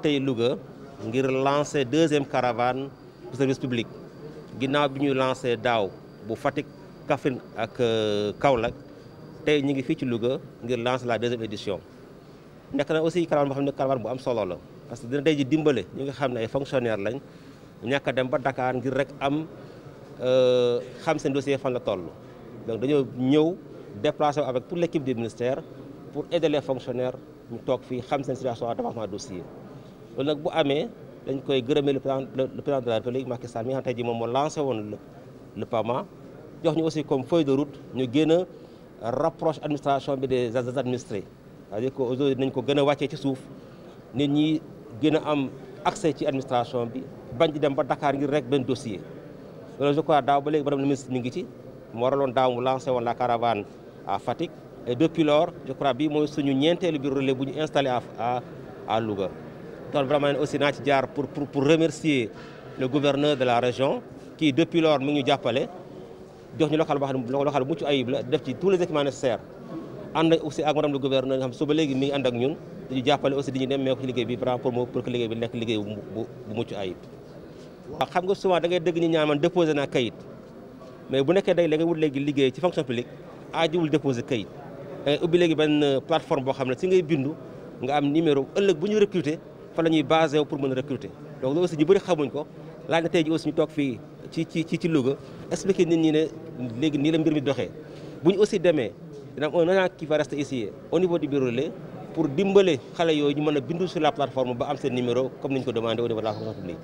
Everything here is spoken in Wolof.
tey Louga ngir lancer deuxième caravane bu service public ginnaaw bi ñuy lancé daaw bu Fatick Kaffrine ak kaw euh, Kaolack tey ñu ngi fii ci Louga ngir lancer la deuxième édition nekk na aussi caravane boo xam ne caravane bu am solo la parce que dina tey ji dimbale ñu nga xam ne ay fonctionnaire lañ ñàkk a dem ba Dakar ngir rek am euh, xam seen dossier fan la toll donc dañoo ñëw déplacé avec toute l'équipe du ministère pour aider les fonctionnaires ñu toog fii xam seen situation d'avancement dossier loolu nag bu amee dañ koy gërëmee le président de la république Macky Sall mi nga xam tey ji moom moo lancé woon le PAMA jox ñu aussi comme feuille de route ñu gën a rapproche administration bi des administrés c'est-à-dire que aujourd'hui ko gën a wàccee ci suuf nit ñi gën a am accès ci administration bi bañ di dem ba dakaar ngir rek benn dossier loolu je crois daaw ba léegi madame la ministre mi ngi ci mu waraloon daaw mu lancé woon la caravane à Fatick et depuis lors je crois bii mooy suñu ñeenteelu bi relais bu ñu installé à à Louga Donc vraiment aussi naa ci jaar pour pour pour remercier le gouverneur de la région qui depuis lors mu ngi jàppale jox ñu local boo xam ne local mucc ayib la def ci tous les équipements nécessaires ànd aussi ak madame le gouverneur nga xam suba léegi mi ànd ak ñun dañu jàppale aussi dañuy dem mee ko bi par pour pour que liggéey bi nekk xam nga souvent da ngay dégg ñu ñaan man déposé naa kayit mais bu nekkee day da ngay wut léegi liggéey ci fonction publique aajuwul déposé kayit da ngay ubbi léegi benn euh, plateforme boo xam ne si ngay bindu nga am numéro ëllëg bu ñu recruter. fa la ñuy basé pour mën a recruter donc loolu aussi ñu bëri xamuñ ko laaj na tey ji aussi ñu toog fii ci ci ci Louga expliquer nit ñi ne léegi nii la mbir mi doxee bu ñu aussi demee dina am un agent qui va rester ici au niveau du bureau relais pour dimbale xale yooyu ñu mën a bindu sur la plateforme ba am seen numéro comme ni ñu ko demandé au niveau de la fonction publique